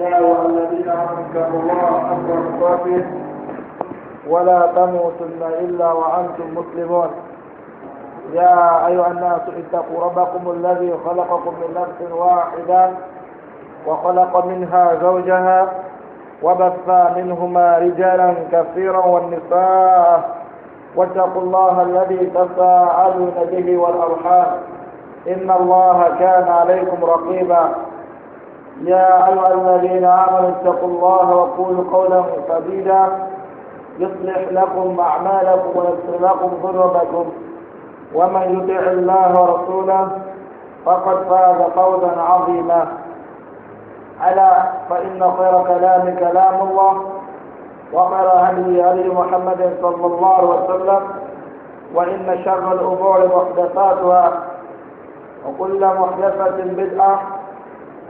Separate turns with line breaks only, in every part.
يا أيها الذين آمنوا الله حق تقاته ولا تموتن إلا وأنتم مسلمون يا أيها الناس اتقوا ربكم الذي خلقكم من نفس واحدة وخلق منها زوجها وبث منهما رجالا كثيرا والنساء واتقوا الله الذي تساءلون به والأرحام إن الله كان عليكم رقيبا يا أيها الذين آمنوا اتقوا الله وقولوا قولا سديدا يصلح لكم أعمالكم ويغفر لكم ذنوبكم ومن يطع الله ورسوله فقد فاز فوزا عظيما ألا فإن خير كلام كلام الله وخير هدي هدي محمد صلى الله عليه وسلم وإن شر الأمور محدثاتها وكل محدثة بدعة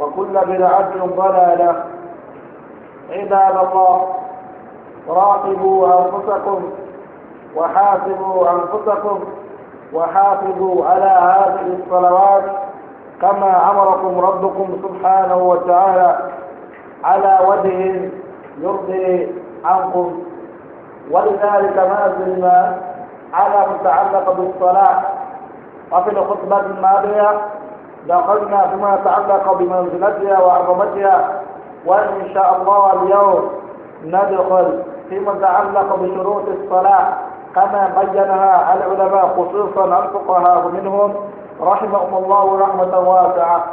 وكل بدعة ضلالة عباد الله راقبوا أنفسكم وحاسبوا أنفسكم وحافظوا على هذه الصلوات كما أمركم ربكم سبحانه وتعالى على وجه يرضي عنكم ولذلك ما زلنا على متعلق بالصلاة وفي الخطبة الماضية لاخذنا فيما يتعلق بمنزلتها وعظمتها وان شاء الله اليوم ندخل فيما يتعلق بشروط الصلاه كما بينها العلماء خصوصا الفقهاء منهم رحمهم الله رحمه واسعه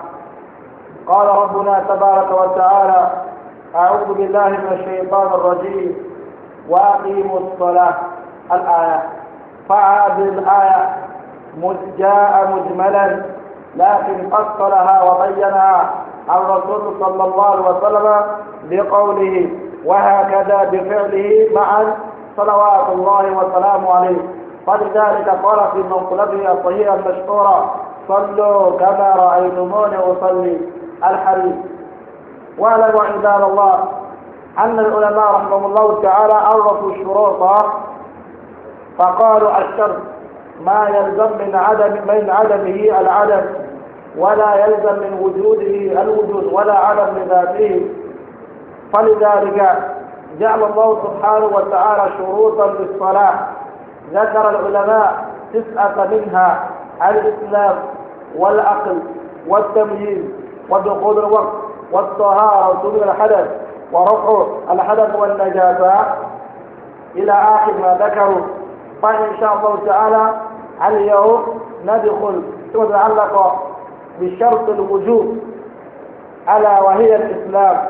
قال ربنا تبارك وتعالى اعوذ بالله من الشيطان الرجيم واقيموا الصلاه الايه فهذه الايه جاء مجملا لكن فصلها وبينها الرسول صلى الله عليه وسلم بقوله وهكذا بفعله معا صلوات الله وسلامه عليه فلذلك قال في مقلبه الصحيحه المشهوره صلوا كما رايتموني اصلي الحديث واعلموا عباد الله ان العلماء رحمهم الله تعالى عرفوا الشروط فقالوا الشرط ما يلزم من عدم من عدمه العدم ولا يلزم من وجوده الوجود ولا عدم لذاته فلذلك جعل الله سبحانه وتعالى شروطا للصلاة ذكر العلماء تسعة منها الإسلام والعقل والتمييز ودخول الوقت والطهارة ودخول الحدث ورفع الحدث والنجاسة إلى آخر ما ذكروا فإن شاء الله تعالى اليوم ندخل فيما تعلق بشرط الوجوب ألا وهي الإسلام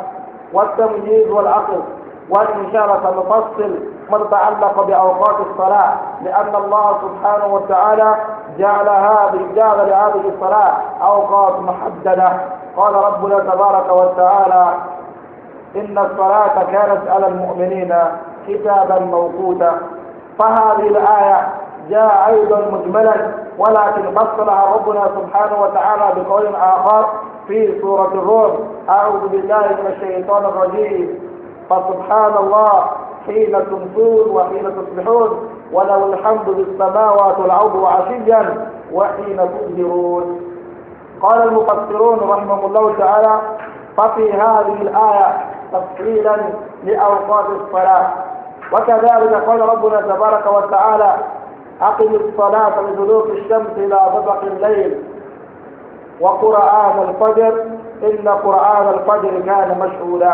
والتمييز والعقل والإشارة نفصل ما تتعلق بأوقات الصلاة لأن الله سبحانه وتعالى جعل هذه جعل لهذه الصلاة أوقات محددة قال ربنا تبارك وتعالى إن الصلاة كانت على المؤمنين كتابا موقوتا فهذه الآية جاء أيضا مجملا ولكن فصلها ربنا سبحانه وتعالى بقول آخر في سورة الروم أعوذ بالله من الشيطان الرجيم فسبحان الله حين تمسون وحين تصبحون وله الحمد السماوات والأرض وعشيا وحين تظهرون قال المفسرون رحمه الله تعالى ففي هذه الآية تفصيلا لأوقات الصلاة وكذلك قال ربنا تبارك وتعالى أقم الصلاة لدلوك الشمس إلى طبق الليل وقرآن الفجر إن قرآن الفجر كان مشهودا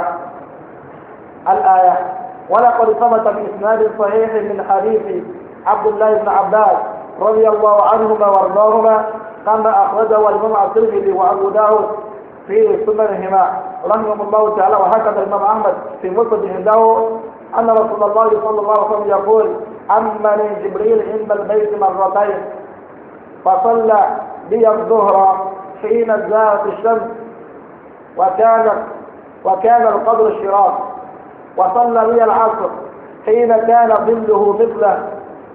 الآية ولقد في بإسناد صحيح من حديث عبد الله بن عباس رضي الله عنهما وارضاهما كما أخرجه الإمام الترمذي وأبو داود في سننهما رحمه الله تعالى وهكذا الإمام أحمد في مسند عنده أن رسول الله صلى الله عليه وسلم يقول أمني جبريل عند البيت مرتين فصلى بي الظهر حين زالت الشمس وكان وكان القدر الشراك وصلى بي العصر حين كان ظله مثله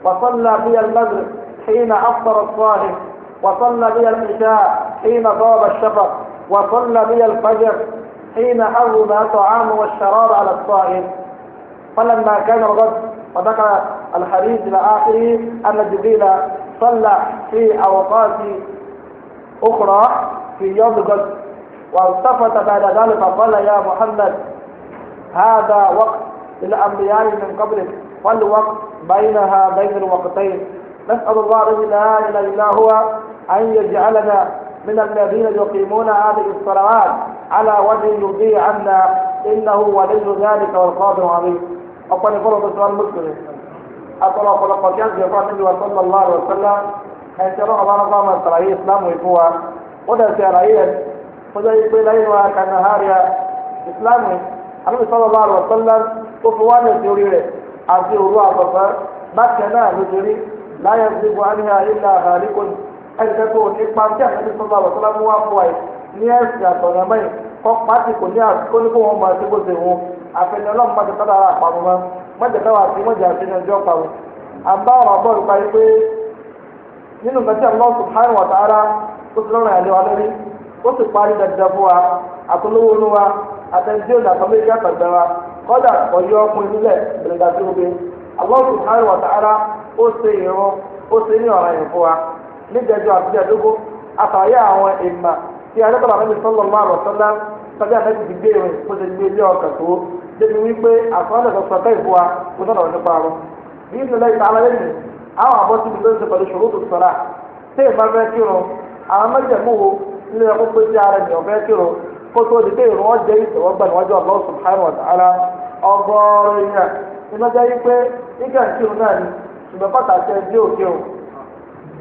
وصلى بي المغرب حين أفطر الصائم وصلى بي العشاء حين غاب الشفق وصلى بي الفجر حين حرم الطعام والشراب على الصائم فلما كان الغد وذكر الحديث إلى آخره أن جبريل صلى في أوقات أخرى في يوم الغد والتفت بعد ذلك فقال يا محمد هذا وقت للأنبياء من قبلك والوقت بينها بين الوقتين نسأل الله الذي لا إله إلا هو أن يجعلنا من الذين يقيمون هذه الصلوات على وجه يرضي عنا إنه ولي ذلك والقادر عليه أقول فرض السؤال المسلم أقول أقول قد ينزل النبي صلى الله عليه وسلم أن ترى الله نظام الصلاة إسلام ويفوها وده سيرعيه وده يقول ليلها كنهارها إسلامي النبي صلى الله عليه وسلم وفوان الجريرة عزيه الله أكبر بكنا نجري لا يغضب عنها إلا هالك ẹni tẹ́ kó ipa tí àtẹ́bí sọ́lá àwọ̀sọ́lá mú wá fún ẹ ní ẹ̀sìn àtọ̀nà mẹ́yìn kọ́ pàtì kò ní àkóníkó wọn máa ṣe bó wọn àfẹnẹ ọlọ́run má jẹ tọ́lá àpamọ́ mọ́ má mọ́jà pé nínú ó ti lọ́rùn àlẹ́ wa lórí ó sì parí fún wa ó ó ní ọ̀ràn yìí fún wa. níjẹjọ àbíjẹdógún àtàyà àwọn ìmà tí alẹ́kọ̀ọ́ àmì sọ́lọ́ márùn sọ́lá sọ́jà àmì ti gbé ìrìn kó ti gbé ilé ọkàn tó débi wípé àtúwálẹ̀ sọ sọ́tẹ́ ìfọ́ wa kó sọ̀rọ̀ nípa rọ. bí ìṣẹ̀lẹ̀ na alẹ́ nì àwọn àbọ̀ tí mi pẹ̀lú ṣòro tó tí fẹ́ kírun àwọn di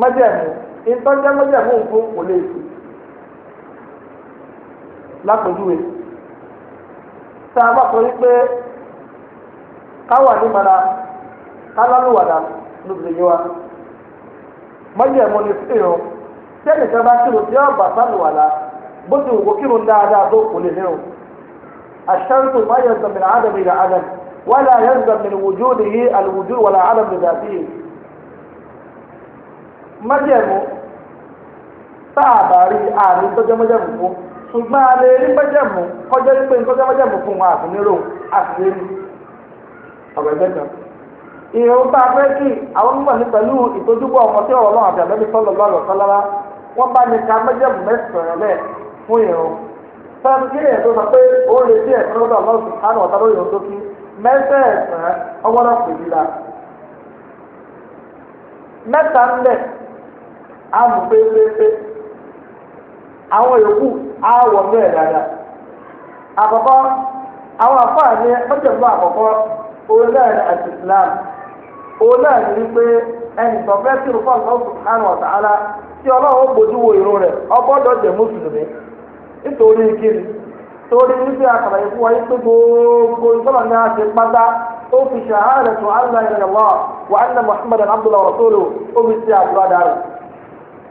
mọ́jẹ̀mú ìtọ́jẹ́ mọ́jẹ̀mú nǹkan kò lè sùn lápòjúwe tá a bá sọ wípé káwà ní mara kálálùwàdà lóbìnrin yẹn wa mọ́jẹ̀mú ni fìràn tí ẹnìkan bá kírun tí ó bà sálùwàdà bó ti wò kírun dáadáa tó kò lè nírun àṣàrùtù má yẹ zọmìnà ádàmì ìlà ádàmì wàlà yẹ zọmìnà wùjú nìyí àlùwùjú wàlà ádàmì ìdàbí yìí. májẹ̀mú tá a àárín tó májẹ̀mú fún ṣùgbọ́n a rí májẹ̀mú kọjá pé nǹkan májẹ̀mú fún wa àti nírò àti lè ọ̀rọ̀ ẹgbẹ́ kan. ìrìn a fẹ́ kí àwọn mímọ̀ ní pẹ̀lú ìtójúbọ̀ ọmọ tí ọ̀rọ̀ náà àti àbẹ́bí sọ́lọ̀ lọ́rọ̀ sọ́lára wọ́n bá ní májẹ̀mú mẹ́sàn-án lẹ̀ fún àmú pépépé àwọn yòókù àwọ̀ mẹ́ẹ̀ dáadáa àkọ́kọ́ àwọn àfáàní ọ̀jọ̀gbọ́n àkọ́kọ́ òun náà ní àti Islam òun náà ní wípé ẹnì kan fẹ́ sí ta'ala tí ọlọ́run ó gbójú wo ìrun rẹ̀ ọgbọ́dọ̀ jẹ́ mùsùlùmí nítorí kíni torí wípé àkàlàyé fún wa yìí gbogbo ìtọ́nà ní a ti pátá wa abdullahi ó fi ṣe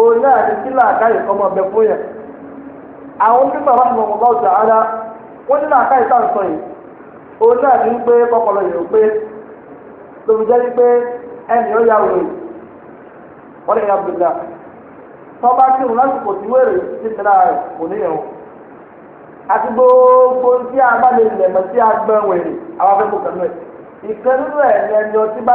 òun náà ní kí làákàyè kọ́ máa bẹ fún yẹn àwọn mímọ̀ rahman ọba ọjà ara wọn ní làákàyè tá à ń sọ yìí òun náà pé kọkọlọ yìí ò pé lóbi jẹ́ pé ẹnì ó yà wòye wọ́n lè yà lásìkò tí wọ́n rẹ̀ kò o àti gbogbo tí a bá lè lẹ̀mọ́ tí a gbẹ́ àwọn afẹ́kọ̀ọ́ kan náà ìkẹ́ nínú ẹ̀ ni ẹni ọtí bá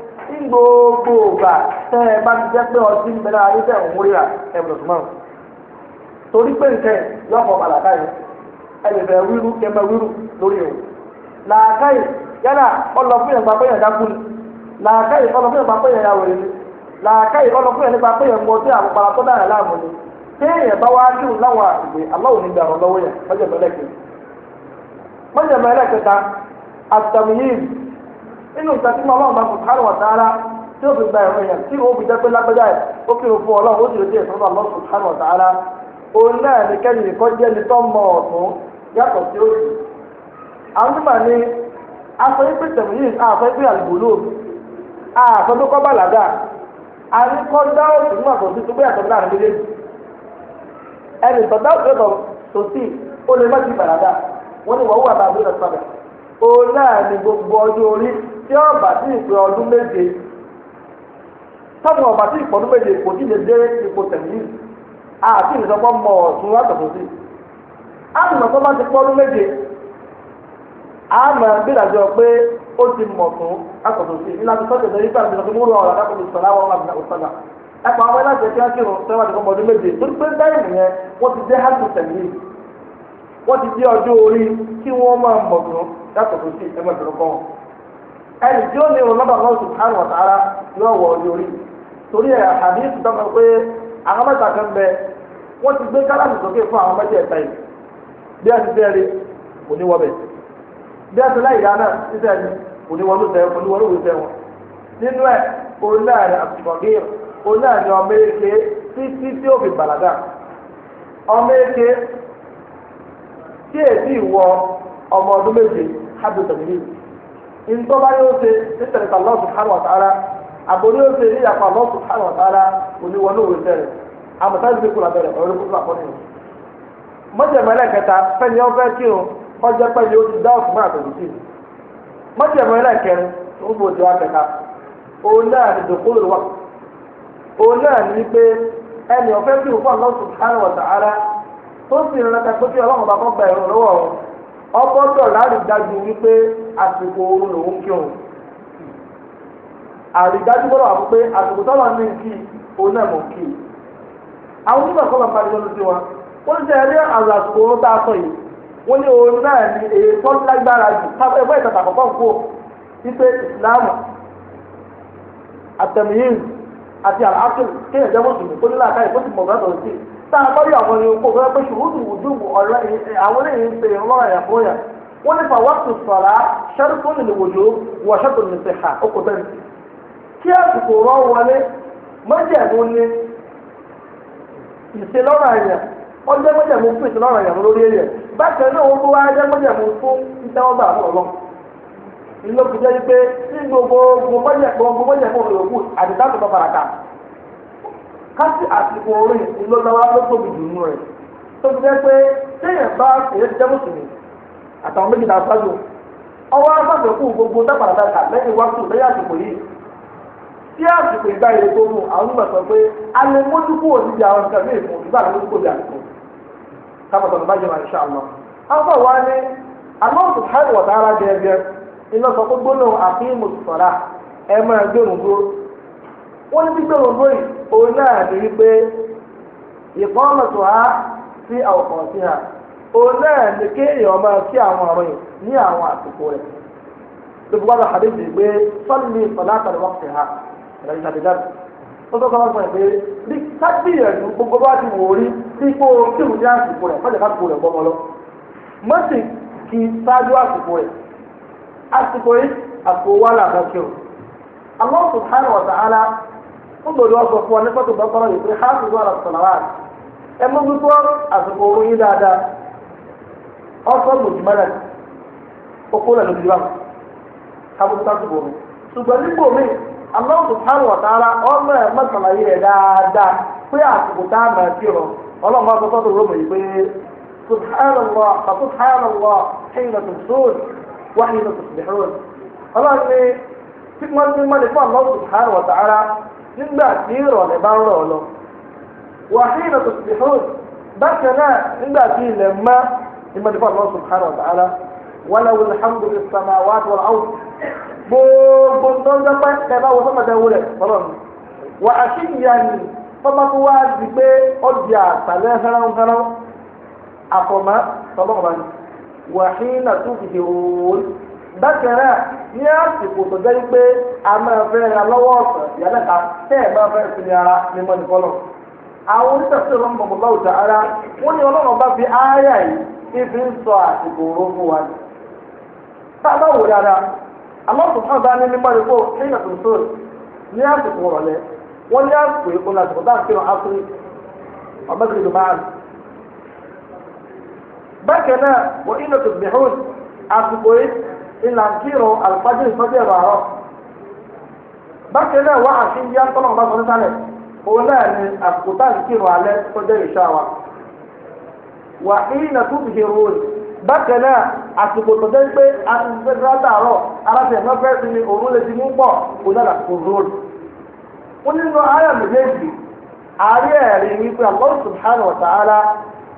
ní gbogbo ògbà tẹ́ ẹ bá ti jẹ́ pé ọtí ń bẹ̀rẹ̀ ayé tẹ̀ ń wúrira ẹ bùrọ̀ tó mọ̀ torí pé nǹkan yọ̀pọ̀ màlàkà yìí ẹ lè fẹ́ wíru kẹ mẹ wíru lórí o làákà yìí yálà ọlọ fún yẹn gba pé yẹn dákú ni làákà yìí ọlọ fún yẹn gba pé yẹn yàwó ni làákà yìí ọlọ fún yẹn nípa pé yẹn mọ sí àpòpàlà tó dára láàmú ni téèyàn bá wá dùn láwọn àgbè aláwọ̀ nígbà ọ̀rọ̀ lọ́wọ́ yẹn mọ́jẹ̀mẹ́lẹ́kẹta nínú nǹkan tí ọlọ́run bá subhanahu wa ta'ala tí ó fi gba ẹ̀rọ yẹn tí ó fi jẹ́ pé lágbẹ́dá ẹ̀ ó kí o fún ọlọ́run ó sì lè dé ìfọ́nà òun náà ní kẹ́ni ni mọ ọ̀tún yàtọ̀ sí òsì. àwọn tó bá ní aṣọ tẹ̀mí yìí aṣọ aṣọ tó kọ́ bàlágà àríkọ́ tó ti tó bẹ́ẹ̀ tó òun náà ni gbogbo ọdún orí tí ọba tí ìpè ọdún méje ọba tí ọdún méje kò tí ì lè dé ipò tẹ̀lé àti ìsọpọ̀ mọ̀ ọ̀tún látọ̀tún sí àti ìsọpọ̀ bá ti pọ́ ọdún méje pé ó ti mọ̀ tún látọ̀tún sí ní láti múlò ọ̀rọ̀ sọ̀rọ̀ àwọn ọmọ ẹ̀pọ̀ àwọn wọ́n ti di ọjọ́ orí kí wọ́n máa mọ̀gbọ́n yàtọ̀ tó sí ẹgbẹ́ kan. ẹnì tí ó ní lọ́dọ̀ yóò wọ ọjọ́ orí torí ẹ̀ hadith pé àwọn mẹ́ta kan bẹ wọ́n ti gbé sókè fún a ti kò ní bí a ti láyé náà sísẹ́ ni kò ní nínú ẹ̀ tí èsì ìwọ ọmọ ọdún méje hábù tẹ̀lé ntọ́ba yóò ṣe nítorí pa Allah subhanahu wa ta'ala yóò ṣe níyàpá Allah subhanahu wa ta'ala oníwọlé òwe tẹ̀lé àmọ̀tá ìdílé kúrò abẹ́rẹ́ ọ̀rẹ́ kúrò àkọ́ni o. mọ́jẹ̀mẹ́lẹ̀ kẹta fẹ́ni kí o kọjá pẹ́ni ti dá máa tẹ̀lé sí i. kẹrin ó bò tó sì ń rántí pé kí ọlọ́run bá kọ́ ẹ̀rọ lọ́wọ́ òun ọgbọ́dọ̀ wípé àsìkò oorun lòún kí òun àrídájú gbọ́dọ̀ wà pé àsìkò tọ́lọ̀ ní kí òun náà mọ̀ kí àwọn onímọ̀ pariwo lójú wa wọ́n ti àwọn àsìkò tá a sọ yìí wọ́n ní oorun náà ní èyí tó lágbára jù ẹgbẹ́ ìtàtà àkọ́kọ́ kú àti àlàáfíà tá a bá rí àwọn ẹni oko fẹ́ pé ṣùgbọ́n ìwùjú ọ̀rọ̀ àwọn eléyìí ń pè é lọ́rọ̀ ẹ̀ fún yà wọ́n nípa wàtú sọ̀rọ̀ ṣẹ́rùtù nìlùwòjò wọ̀ ṣẹ́tù nìṣẹ̀ha oko tẹ́lẹ̀ kí àsìkò rọ wọlé mọ́jẹ̀mú ni ìṣelọ́rọ̀ ẹ̀yà ó jẹ́ mọ́jẹ̀mú fún ìṣelọ́rọ̀ ẹ̀yà lórí ẹ̀yà bákan náà ó káàsì àsìkò orin ìlọ́láwá ló tóbi jù nù rẹ̀ tó fi jẹ́ pé téèyàn bá èyí jẹ́ mùsùlùmí àtàwọn méjì náà ọwọ́ agbábẹ́kù gbogbo dápàdà dáta lẹ́yìn wákùtù lẹ́yìn àsìkò yìí tí àsìkò ìgbà yìí tó mú àwọn onímọ̀ sọ pé a mójúkú òdìdí àwọn nǹkan ní ìfún ìgbà àwọn onímọ̀ àsìkò afọ wa ni iná sọ pé gbóná àfihàn ẹ òun náà ní wípé ìkọ́mọ̀tò á sí àwòkàn ha òun náà ní kéèyàn máa sí àwọn ọ̀rọ̀ yìí ní àwọn àsìkò rẹ̀ lóbi wàllu hadithi pé sọ́ọ̀lì sọ̀láàtàlì wọ́pẹ̀ ha ẹ̀rọ ìṣàdédá tó tó sọ́wọ́n fún ẹ̀ pé ní gbogbo bá ti wò rí sí ipò kírun ní àsìkò rẹ̀ rẹ̀ gbọ́mọ lọ mọ́sì àsìkò rẹ̀ gbọdọ̀ ọ̀sọ̀ fún ọ ní pọ́tò bọ́kọ́rọ́ yìí pé hàn ìwà rà sọ̀làwà ẹ mú gbígbó àsìkò ooru yín dáadáa ọ̀sọ̀ lòdìmọ́lẹ̀ okó lẹ̀ lòdìmọ́ kábùtà tó bòrò ṣùgbọ́n nígbò mi aláwọ̀ tó tán wọ̀ tààrà ọmọ ẹ̀ a mọ̀ ẹ́ sí rọ nígbà tí ìrọ̀lẹ́ bá ń rọ̀ lọ. wàhíì náà tó ti hàn bákan náà nígbà tí ilẹ̀ mọ́ ìmọ̀lẹ́fọ́ subhanahu wa ta'ala wàlẹ́wò alhamdu lil samawati wal ard gbogbo tó ń ẹ bá wọ sọ́kàtà wúlẹ̀ sọ́rọ̀ mi. wà á sì yà ní wá di pé àtàlẹ́ àfọ̀mọ́ bákan ní àsìkò tó jẹ́ pé a máa fẹ́ ra lọ́wọ́ ọ̀sán ìyálẹ́ta tẹ́ máa fẹ́ sinmi ara ní mọ́ni fọ́lọ́ àwọn onítàkùn ìlú mọ̀mọ́ bá òjà ara wọ́n ní ọlọ́run bá fi ááyà yìí ibi ń sọ àsìkò fún wa a bá wò dáadáa àmọ́ ní mímọ́ ni kó kéèyàn tó tó ní àsìkò wọ́n ní àsìkò ìlà ń kírun àlùfájì ìtọ́jú ẹ̀rọ àárọ̀ bákan náà wá ni wa wà ìyìnà tó fi hèrò òní bákan náà àsìkò tó jẹ́ pé àtúntẹ́sẹ̀ àtàárọ̀ ni òun lè ti mú pọ̀ òun náà kò róòlù ó a ayọ̀ méjèèjì àárẹ̀ ẹ̀rí Allah subhanahu wa ta'ala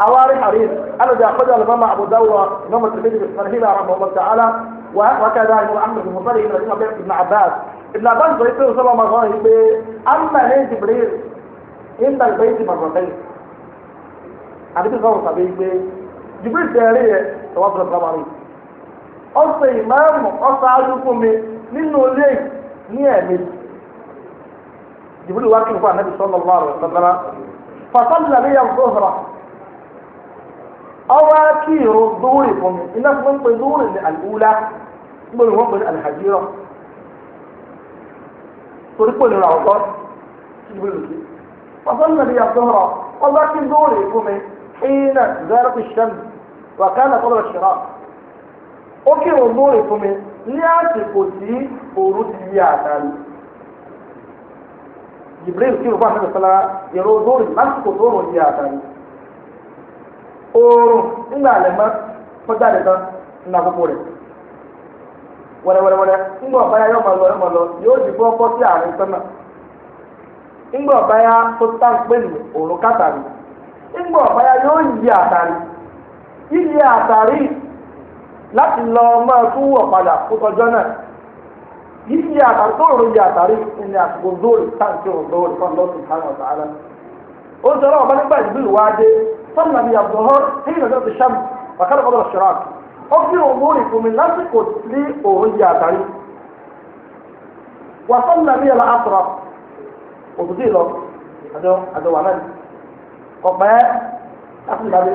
أواري حديث الذي أخرجه الإمام أبو داود إمام الترمذي في صحيحه رحمه الله تعالى وهكذا إمام أحمد بن مصري ابن عباس ابن عباس يقول صلى الله عليه وسلم أما ليه جبريل عند البيت مرتين àdébí sọ̀rọ̀ tàbí gbé jibril tẹ̀lé yẹ tọwọ́ fún ọ̀sán wàlú. ọ̀sẹ̀ ìmáàmù ọ̀sáájú fún mi nínú ilé ní ẹ̀mí. jibril wá kí n fún ànábì sọ́nà lọ́wọ́ ọwọ́ kí irun dúwúrì fún mi iná fún mi pé dúwúrì ní àlùwúlá níbo ni wọ́n pè ní àlùhàjírọ̀ torí pé nínú àwùjọ ìwé lòdì ọ̀sán nàbí àtọ́rọ̀ ọba kí dúwúrì fún mi ìnà zẹ́rẹ́tì sẹ́mi wà kánà tọ́lọ̀ ṣẹ̀rà ó kí irun fún mi ní àsìkò tí òru ti yí àtàlù Jibril kí irun fún àtàlù sọlá irun dúwúrì lásìkò tó rò yí àtàlù. oorun ńgbà alẹ́ mọ́ kọjá lè tán ńlá gbogbo rẹ̀ wẹ̀rẹ̀wẹ̀rẹ̀wẹ̀rẹ̀ ńgbà ọ̀báyá yóò máa lọ yóò máa lọ yóò sì bọ́ bọ́ sí àárín sánà ńgbà ọ̀báyá tó táǹpé nù òrùn kàtàrí ńgbà ọ̀báyá yóò yí àtàrí yíyí àtàrí láti lọ máa tún wọ̀ padà kó tọjọ́ náà yíyí àtàrí tó rò yí àtàrí ní àsìkò lóòrè táǹkì òdòòrè صلى من الظهر حين زالت الشمس وكان قبل الشراك أكثر أموركم من نفسكم لي وهي تعيش وصلى من العصر وتضيء له هذا هو عمل قباء أخذ هذا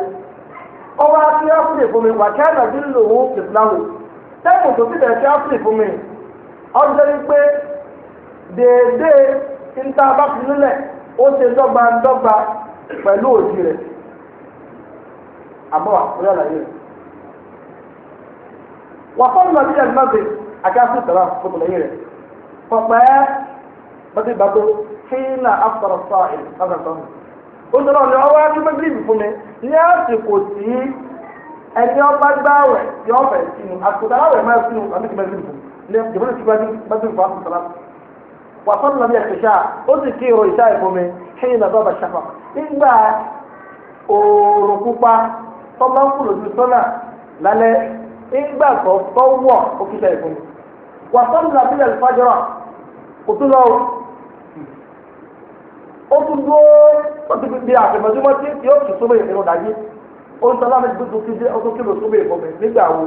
ọba tí a fún ìfúnmi wà kí àgbà bí lò ó ìfúnnáwó tẹ́kùn tó bíbẹ̀ tí a fún ìfúnmi ọjọ́ wípé déédéé ń àbọ̀ ọ̀yọ́ àlàyé rẹ̀. wà fọ́ọ̀mù náà nílẹ̀ mọ́tì àkáṣí sọ̀rọ̀ fún ọ̀làyé rẹ̀. pọ̀pẹ́ mọ́tì bàtó hínà afọ̀rọ̀ sọ́ọ̀ì lọ́sọ̀tọ̀. ó sọ̀rọ̀ ní ọwọ́ ẹni mẹ́tìrì fún mi ní àsìkò tí ẹni ọba gbáwẹ̀ tí ọ̀fẹ́ sínú àsìkò àwẹ̀ máa sínú àmì fún mi pupa tó máa ń kú lójú sọ́nà lálẹ́ ńgbàgbọ́ tó òkúta ìfún wà sọ́nù làbílẹ̀ ìfọ́jọ́rọ̀ kò tún lọ ó tún dúró ó ti fi àtẹ̀mọ́júmọ́ tí yóò tún súnmọ́ ìfẹ́ lọ́dájú ó ń sọ láti ó nígbà wo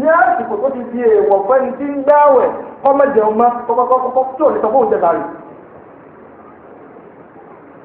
ní àsìkò tó ti di èèwọ̀ fẹ́ni tí ń gbáwẹ̀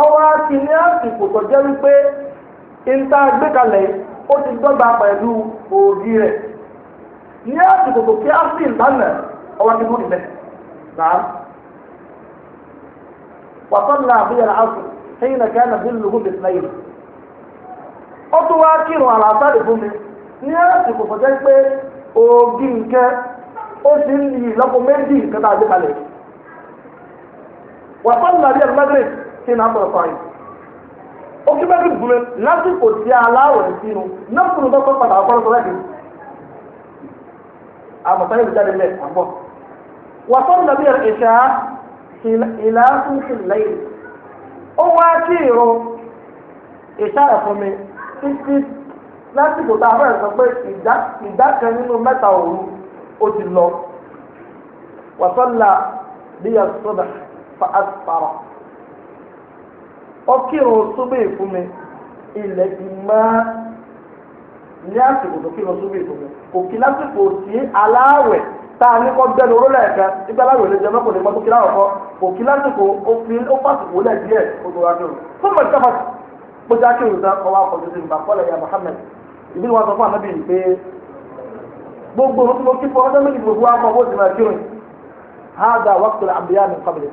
ọwọ́ àti ní àsìkò tó jẹ́ wípé ìta gbékalẹ̀ ó ti dọ́gba pẹ̀lú òògì rẹ̀ ní àsìkò tó kí á sì lánà ọwọ́ àti lórí náà wàtọ́lá àbúyẹ̀ bí sílẹ̀ yìí ó tún wá kírun fún mi ní àsìkò tó jẹ́ pé ó ń yí méjì wàtọ́lá sí náà sọ̀rọ̀ fáyìn. ó kí bẹ́ẹ̀ bí gúnlẹ̀ lásìkò tí aláwọ̀ ẹ̀ sínú náà fún un tó kọ́ padà ọkọ̀ lọ́sọ̀rọ̀ ẹ̀dín. àmọ̀tán yóò jáde lẹ̀ àbọ̀. wàtọ́ nàbí ẹ̀ ìṣá ìlà tún fi lẹ́yìn. ó wá kí ìrún ìṣá ẹ̀ fún mi títí lásìkò tá a fẹ́ sọ pé ìdá kan nínú mẹ́ta òru ó ti lọ. wàtọ́ là bí yà sọ́dà fa àtàrà. ọkírun súbẹ̀ fún mi ilẹ̀ ti máa ní àsìkò tó mi kò kí lásìkò sí tá a ní kọ́ gbẹ́nu oró lẹ́ẹ̀kan nígbà láwẹ̀ olè jẹun mọ́kànlélọ́gbọ́n tó kí láwọ̀ kọ́ kò kí lásìkò ó fi ó fàsìkò lẹ̀ díẹ̀ ó tó fún mi káfà kó sá ọwọ́ akọ̀jọ́ sí kọ́lẹ̀ ya Muhammad ìbí wọn sọ fún àmọ́bí yìí gbogbo mo kí fún ọjọ́ méjì gbogbo akọ̀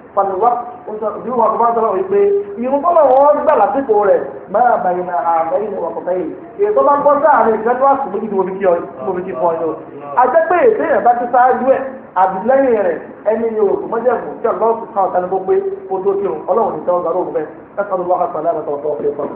pàlùwà bí wọn kò bá sọ̀rọ̀ wípé irun tọ́lọ̀ wọn gbà lásìkò rẹ̀ máa bàyìn náà àbẹ̀yìn náà wọ̀kọ̀ bẹ́yìn èyí tó bá bọ́ sáàrin ìkan tó àsùn méjì tí mo fi kí ọ mo fi kí fọ ọ ajẹ́ pé èdè yẹn bá ti sáájú ẹ̀ àbí lẹ́yìn rẹ̀ ẹni ni òògùn mọ́jẹ̀mú tí ọlọ́run kan ọ̀tá ni gbogbo kó tó kírun ọlọ́run ní sẹ́wọ́n gbàdúrà òun bẹ́ẹ̀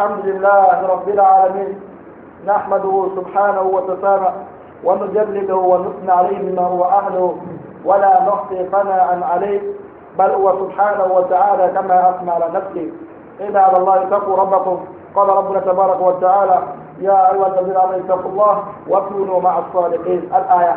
الحمد لله رب العالمين نحمده سبحانه وتسامى ونجلده ونثنى عليه بما هو أهله ولا نحصي قناعا عليه بل هو سبحانه وتعالى كما أثنى على نفسه عباد الله اتقوا ربكم قال ربنا تبارك وتعالى يا أيها الذين آمنوا اتقوا الله وكونوا مع الصادقين الآية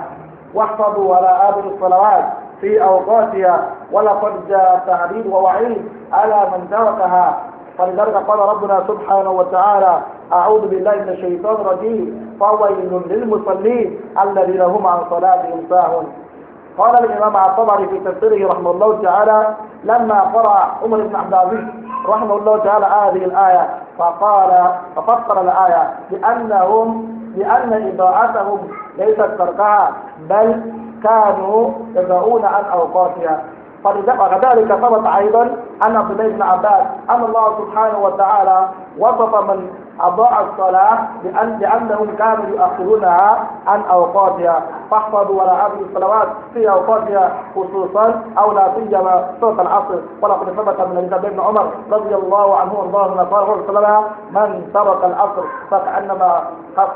واحفظوا على آبر الصلوات في أوقاتها ولقد جاء تعليل ووعيد على من تركها فلذلك قال ربنا سبحانه وتعالى أعوذ بالله من الشيطان الرجيم فويل للمصلين الذين هم عن صلاتهم ساهون قال الإمام الطبري في تفسيره رحمه الله تعالى لما قرأ عمر بن عبد العزيز رحمه الله تعالى هذه الآية فقال ففسر الآية بأنهم بأن إضاءتهم ليست تركها بل كانوا يدعون عن أوقاتها وكذلك ثبت أيضا أن عبد الله بن عباس أن الله سبحانه وتعالى وصف من أضاع الصلاة لأن لأنهم كانوا يؤخرونها عن أوقاتها فاحفظوا ولا هذه الصلوات في أوقاتها خصوصا أو لا سيما صوت العصر ولقد ثبت من النبي بن عمر رضي الله عنه وارضاه قال صلى من ترك العصر فكأنما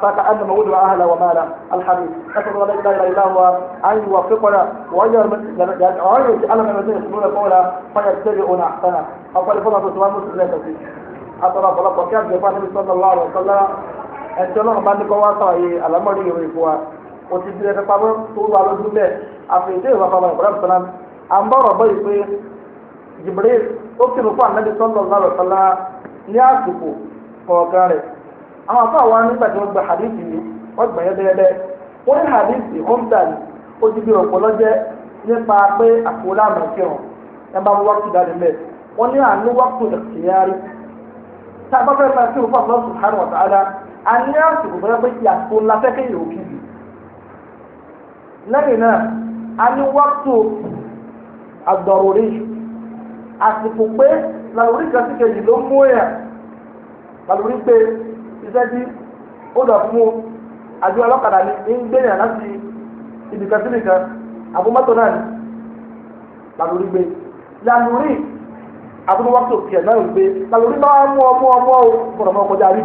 فكأنما وجد أهله وماله الحديث نسأل الله لا إله إلا هو أن يوفقنا وأن يجعلنا من الذين يسمعون قولا فيتبعون أحسنه قال فضل الله عليه وسلم atọ́lá ọ̀pọ̀lọpọ̀ kí àgbẹ̀ fún anábì sọ́dọ̀ lọ́wọ́ ọ̀sọ́lá ẹ̀jọ́ náà bá ní kọ́ wá sọ̀rọ̀ yìí àlámọ́rí ìwé ìfọ́ wa o ti dirẹ̀ pamọ́ tó wà lójú bẹ́ẹ̀ àfẹ̀dé ìwà pamọ́ ìkọ́lá ìsọ́lá à ń bọ̀rọ̀ bọ́ ìpè Jibril ó kìlọ̀ fún anábì sọ́dọ̀ lọ́wọ́ ọ̀sọ́lá ní àsìkò kọ̀ọ̀kan rẹ̀ àwọn afọ àwọn nígbà tí wọ́n gba hadithi yìí wọ́n gbà yẹn bẹ́ẹ̀ bẹ́ẹ̀ wọ́n ní hadithi ó ń dà ní ó ti bí ọ̀pọ̀lọ́ jẹ́ nípa pé àpò láàmú kírun ẹ bá wọ́n wá kí dáadé bẹ́ẹ̀ wọ́n ní àánú tá a bá fẹ́ máa ṣe òfò àlọ́ subhanahu wa ta'ala a ní àsìkò tó yẹ pé àsìkò ńlá fẹ́ kéèyàn òkè yìí lẹ́yìn náà a ní wákìtò àgbọ̀rọ̀rí àsìkò pé làlórí kan sí kejì ló mú èèyàn làlórí pé iṣẹ́ bí ó dọ̀ fún àjọ ọlọ́kadà ni gbé yàn láti ibìkan síbìkan àbúmọ́tò náà ni làlórí gbé làlórí àbúrò wákìtì òkè ẹ̀ náà wípé làlórí máa mú ọmú ọmú ọ gbọdọ̀ mọ ọkọjá rí.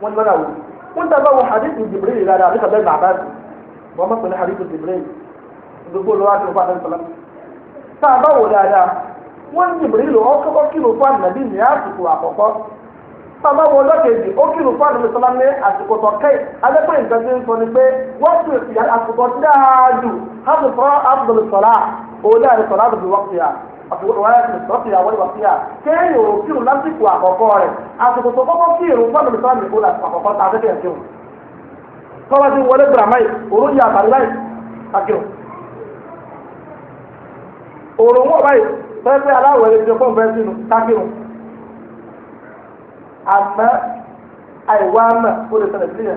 wọ́n ti lọ́nà wò wọ́n dábàá wọ hadith Jibril rárá àbí sàbẹ́ bàbá rẹ̀ wọ́n mọ̀ pẹ̀lú hadith Jibril gbogbo lọ́wọ́ àti ọkọ̀ àtẹ̀sọ̀ lọ́nà. tá a bá wò dáadáa wọ́n Jibril lò ọ́ kọ́kọ́ kí ló fún ànàbí ní àsìkò àkọ́kọ́ bàbá wo lọ́kẹ̀jì ó kìlọ̀ fún àdùnnú sọlá ní àsìkò tọ̀kẹ́ alẹ́pẹ́ nǹkan tí ń sọ ni pé wọ́n ti àsìkò dáa jù hàbùfọ́ àbùdùn sọlá òun náà ni sọlá tó fi wọ́n fi hà ọ̀fìyà wọ́n wọ́n fi hà kéèyàn ò kírun lásìkò àkọ́kọ́ rẹ̀ àsìkò tó kọ́kọ́ kírun fọ́ọ̀nù mi sọ́ọ̀nù ìkó àkọ́kọ́ ta afẹ́fẹ́ kírun tọ́wọ́ ti wọlé gbàmáì òrójì àtàrí láì kakírun òrùn wọ̀ báyìí pẹ́ẹ́pẹ́ aláwọ̀ ẹ̀rẹ́ ti fọ́ọ̀nù bẹ́ẹ̀ sínú kakírun àmọ́ àìwá mọ̀ ó lè ṣẹlẹ̀ sílẹ̀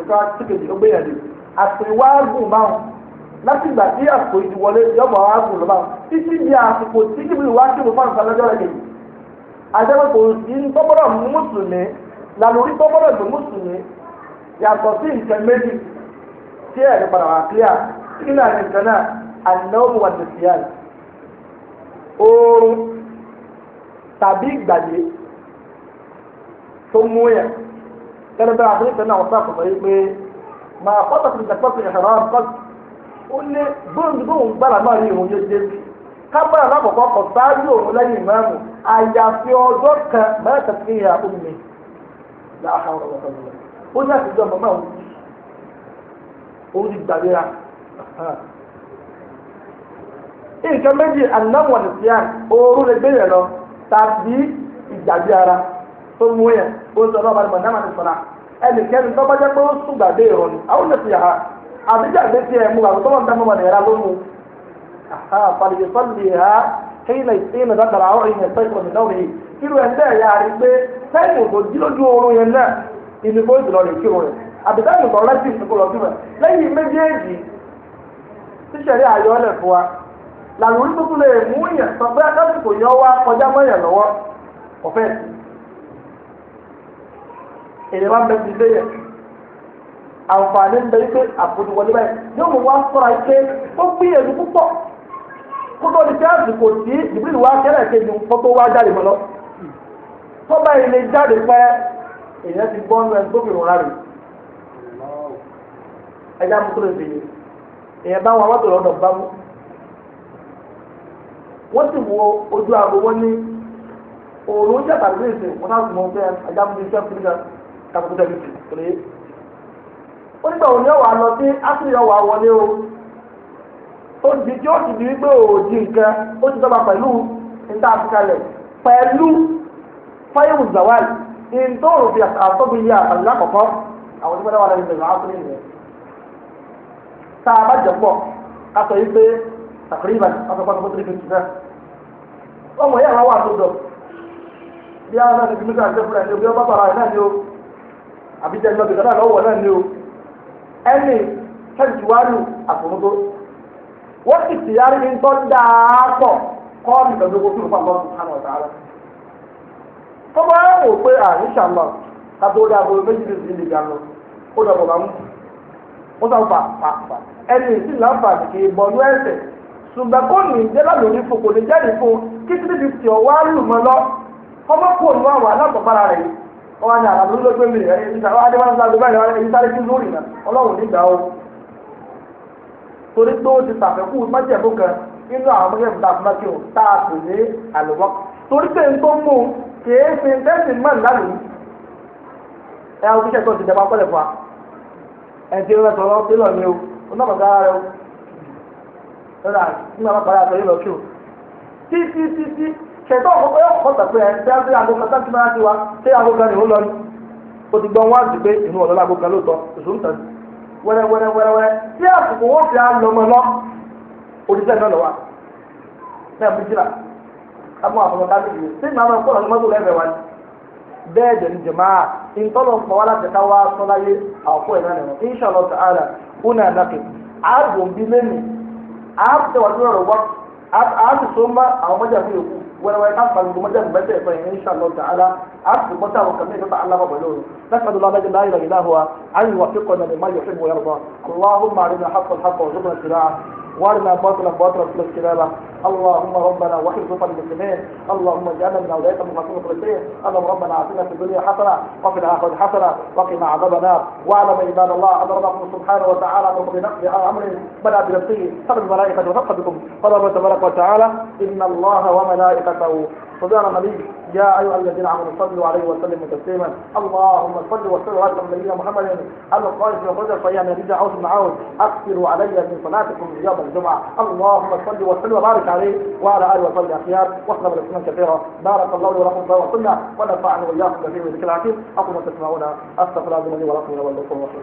nǹkan tí kejì ó gbé yẹn lè àtìwá gùn báwọn láti ìgbà tí àsìkò ìdí wọlé yọmọ àwọn àgùn lọ́ba títí di àsìkò tí kìbìrì wá kí ló fáǹsà lọ́jọ́ rẹ̀ kejì àjẹmọ́ kò sí tọ́gbọ́dọ̀ mú mùsùlùmí làlórí tọ́gbọ́dọ̀ tó mùsùlùmí yàtọ̀ sí nǹkan méjì tí ẹ̀rí padà wà clear kí náà nìkan náà ànáwó wà tẹ̀síyàn oorun tàbí ìgbàgbé tó mú yẹn tẹ́lẹ̀ bẹ́ẹ̀ àtúntò náà wọ́n sáà kọ̀ ó lé bóńdù bóun gbàlagbà ní òun yóò dé sí kábàrà lákòókò kò sáájú òun lẹ́yìn ìmáàmù àyàfi ka kan mẹ́ta sí ìhà omi láàárọ̀ ọ̀tọ̀ọ̀tọ̀ ó ní àtijọ́ màmá òun òun ti gbàdúrà nǹkan méjì anáwọ̀ oorun lè gbéyàn lọ tàbí ìgbàgbé ara tó mú yẹn ó sọ náà àbíjàgbé tí ẹ mú àwọn tọ́wọ́ ń dáná wọn ẹ̀rá ló mú àfàlìyé sọ́ọ̀lì ha kéèlè ìsìn ìdàkàrà àwọn èèyàn tó ìkọ̀ọ̀nì náà rèé irú ẹ̀ ń tẹ̀ ya rí pé sẹ́yìn kò jí lójú oorun yẹn náà ìlú kò jùlọ lè kírun rẹ̀ àbíjàgbé kọ̀ rẹ́sì ìsìnkú lọ́dún rẹ̀ lẹ́yìn méjèèjì tíṣẹ̀rí àyọ́lẹ̀ fún wa làwọn oníkókó lè mú yẹn sọ pé akásìkò yẹn wá kọjá mọ́yàn lọ́wọ́ ọ̀fẹ́ èèyàn bá bẹ àǹfààní ń bẹ yí pé àpòjùwọlé báyìí yóò mú wá sọ́ra yí pé ó gbìyànjú púpọ̀ kó tó di fẹ́ẹ̀sì kò sí ìbílẹ̀ wá kẹ́lẹ̀ kejì kó tó wá jáde mọ́ lọ. tó bá ilé jáde pẹ́ èèyàn ti gbọ́ nínú ẹni tó fi rọra rè ẹja mú tó lè dè èèyàn bá wọn wọ́tò lọ́dọ̀ bá mú. wọ́n sì wo ojú aago wọn ní òòrùn jẹ́ tàbí ìsìn wọn náà sì mọ̀ pé ẹja mú iṣẹ́ fún mi kan kàkútẹ́ mi sì kò lè yé. onígbà òní ọ̀wà lọ sí ásìrì ọ̀wà wọlé o ó tí ó ti di wípé òòjì nǹkan ó ti dọ́gba pẹ̀lú níta àfikalẹ̀ pẹ̀lú fáyéwù zawal ìdóòrò fi àtọ́bi yé àtàlù lákọ̀ọ́kọ́ àwọn onígbà wà lẹ́yìn ìgbà áfírí nìyẹn tá a bá jẹ pọ̀ ká sọ yìí pé tàkìrìbà tó ọmọ yẹn wà tó dọ̀ bí náà ti fi mí ká ní o bí wọ́n ẹni sẹ́ńtúwárì àfòmótó wọ́n sì ti yára ní tọ́ dáa pọ̀ kọ́ mi lọ́dún owó fún ìpamọ́ sùkánù ọ̀tá rẹ̀. tọ́mọ ẹ wò pé àrùn ṣàlọ́ tàbí àbò méjì ní ìdílé ìyá lọ ó sọ fà fà fà ẹni ìsìn láǹfààní kì í bọ̀nú ẹsẹ̀ ní ní kí wọn ní àlàbù ló gbé mi rẹ wọn adé wọn sáré báyìí wọn sáré kí lórí náà ọlọ́run nígbà o torí tó ti tàfẹ́kù májẹ̀mú kan nínú àwọn májẹ̀mú tá a fi máa kí o tá a pè ní àlùwọ́ torí pé n tó mú kèé fi tẹ́sí mọ́ ìlànà ẹ ọ kíkẹ́ tó ti dẹ́ máa fún wa ẹ ti rẹ sọ̀rọ̀ tí lọ ní o ó náà bàtà rẹ o lọ́la nígbà máa ṣètò ọ̀pọ̀ yóò kọ́ tàpé ẹ̀ ṣé ṣé aago kan sáà ti máa ti wa ṣé aago kan ni ó lọ ni ó ti gbọ́n wá sí pé inú ọ̀dọ́ láago kan lóòótọ́ ìṣòro tàn wẹ́rẹ́ wẹ́rẹ́ wẹ́rẹ́ na tí àsìkò wọ́n fi àlọ́ ọmọ lọ oníṣẹ́ náà lọ wa ní àbújá kámú àfọwọ́ ká wa wẹ́rẹ́wẹ́rẹ́ ká fani gbogbo mọ́tẹ́ bẹ́ẹ̀ sọ yẹn insha Allah ta'ala a ti gbọ́ sáwọn kan mẹ́ta Allah bọ̀ lóru نسأل الله الذي لا إله إلا هو أن يوفقنا لما يحب ويرضى اللهم أرنا حق الحق وارزقنا اتباعه وارنا باطلا باطلا في الاجتنابة اللهم ربنا وحفظ صفا المسلمين اللهم اجعلنا من اولئك المخلصين الفلسطين اللهم ربنا اعطنا في الدنيا حسنه وفي الاخره حسنه وقنا عذاب النار واعلم عباد الله ان ربكم سبحانه وتعالى امر بنقض امر بدا بنفسه قبل الملائكه وثق بكم قال الله تبارك وتعالى ان الله وملائكته صدر النبي يا أيها الذين آمنوا صلوا عليه وسلموا تسليما اللهم صل وسلم على نبينا محمد القائد في القدر فيا نبي عوز معاون أكثروا علي من صلاتكم يوم الجمعة اللهم صل وسلم وبارك عليه وعلى آله وصحبه أخيار وصلنا الاسماء كثيرا بارك الله ولكم الله وسلم ونفعني وإياكم بذكر العكيم أقوم ما تسمعون أستغفر الله لي ولكم ولكم ولكم